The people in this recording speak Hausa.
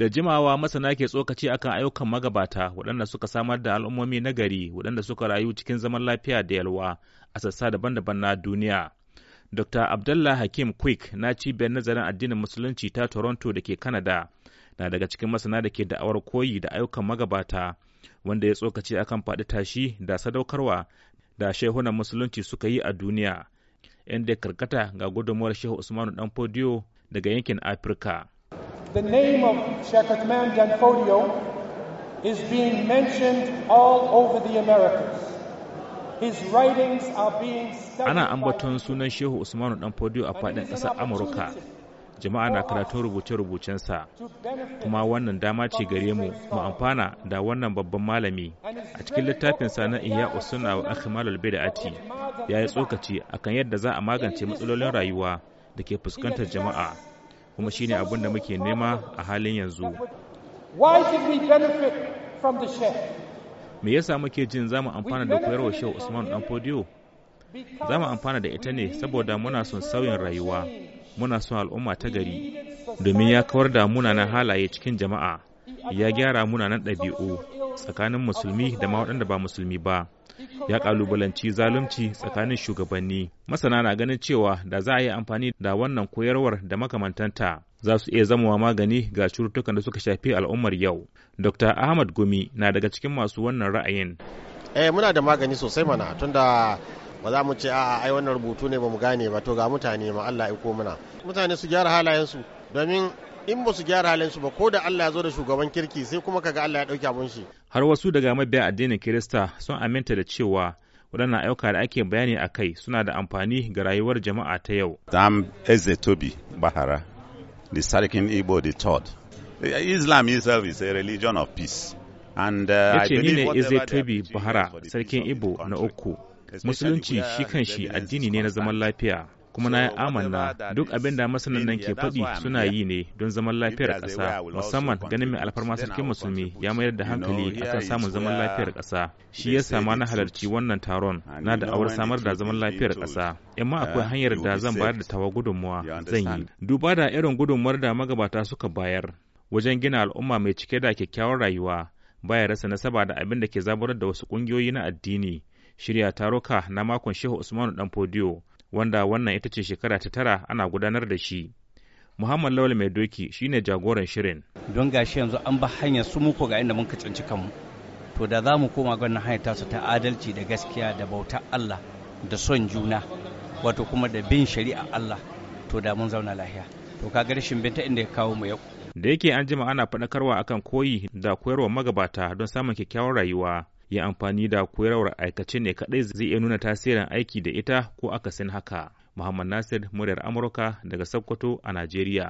Da jimawa masana ke tsokaci akan ayyukan magabata waɗanda suka samar da al'ummomi na gari waɗanda suka rayu cikin zaman lafiya da yalwa a sassa daban-daban na duniya. Dr. Abdullah Hakim Quick na cibiyar nazarin addinin musulunci ta Toronto da ke Canada na daga cikin masana da ke da'awar koyi da ayyukan magabata wanda ya tsokaci akan faɗi tashi da sadaukarwa da shehunan musulunci suka yi a duniya inda karkata ga gudunmuwar shehu Usmanu Danfodiyo daga yankin Afirka. the name of Shakatman Danfodio is being mentioned all over the Americas. Ana ambaton sunan Shehu Usmanu Danfodio a faɗin ƙasar Amurka. Jama'a na karatun rubuce-rubucensa, kuma wannan dama ce gare mu mu amfana da wannan babban malami a cikin littafinsa na Iya Usuna wa Akhimalul Bid'ati ya yi tsokaci akan yadda za a magance matsalolin rayuwa da ke fuskantar jama'a kuma shine abin da muke nema a halin yanzu me yasa muke jin za mu amfana da koyarwa shehu usman dan fodiyo za mu amfana da ita ne saboda muna son sauyin rayuwa muna son al'umma ta gari domin ya kawar da munanan halaye cikin jama'a ya gyara munanan ɗabi'u tsakanin musulmi da ma waɗanda ba musulmi ba ya kalubalanci zalunci tsakanin shugabanni masana na ganin cewa da za a yi amfani da wannan koyarwar da makamantanta za su iya zamawa magani ga cututtukan da suka shafi al'ummar yau dr ahmad gumi na daga cikin masu wannan ra'ayin eh muna da magani sosai mana tunda ba za mu ce a ai wannan rubutu ne ba mu gane ba to ga mutane ma Allah ya iko mana mutane su gyara halayensu domin in ba su gyara halinsu ba ko da Allah ya zo da shugaban kirki sai kuma kaga Allah ya dauki abun shi har wasu daga mabiya addinin kirista sun aminta da cewa waɗannan ayyuka da ake bayani a kai suna da amfani ga rayuwar jama'a ta yau. Dam Eze Tobi Bahara, the Sarkin Igbo the third. Islam itself is a religion of peace. And uh, I believe ne Eze Tobi Bahara, Sarkin Igbo na uku. Musulunci shi kanshi addini ne na zaman lafiya. kuma na yi amanna duk abin da masanan ke faɗi suna yi ne don zaman lafiyar ƙasa musamman ganin mai alfarma sarkin musulmi ya mayar da hankali akan samun zaman lafiyar ƙasa shi ya sama na halarci wannan taron na da awar samar da zaman lafiyar ƙasa amma uh, akwai hanyar da zan bayar da tawa gudunmuwa zan yi duba da irin gudunmuwar da magabata suka bayar wajen gina al'umma mai cike da kyakkyawar rayuwa baya rasa nasaba da abin da ke zaburar da wasu ƙungiyoyi na addini shirya taruka na makon shehu usmanu dan fodiyo wanda wannan ita ce shekara ta tara ana gudanar da shi muhammad lawal mai doki shine jagoran shirin don gashi yanzu an ba hanyar su muku ga inda muka cinci kanmu to da za mu koma ga wannan hanyar tasu ta adalci da gaskiya da bauta allah da son juna wato kuma da bin shari'a allah to da mun zauna lahiya to ka ga rashin binta inda ya kawo mu yau da yake an jima ana faɗakarwa akan koyi da koyarwa magabata don samun kyakkyawar rayuwa Yi amfani da koyarwar aikace ne kadai zai iya nuna tasirin aiki da ita ko aka akasin haka. Muhammad Nasir, muryar Amurka daga Sokoto a Najeriya.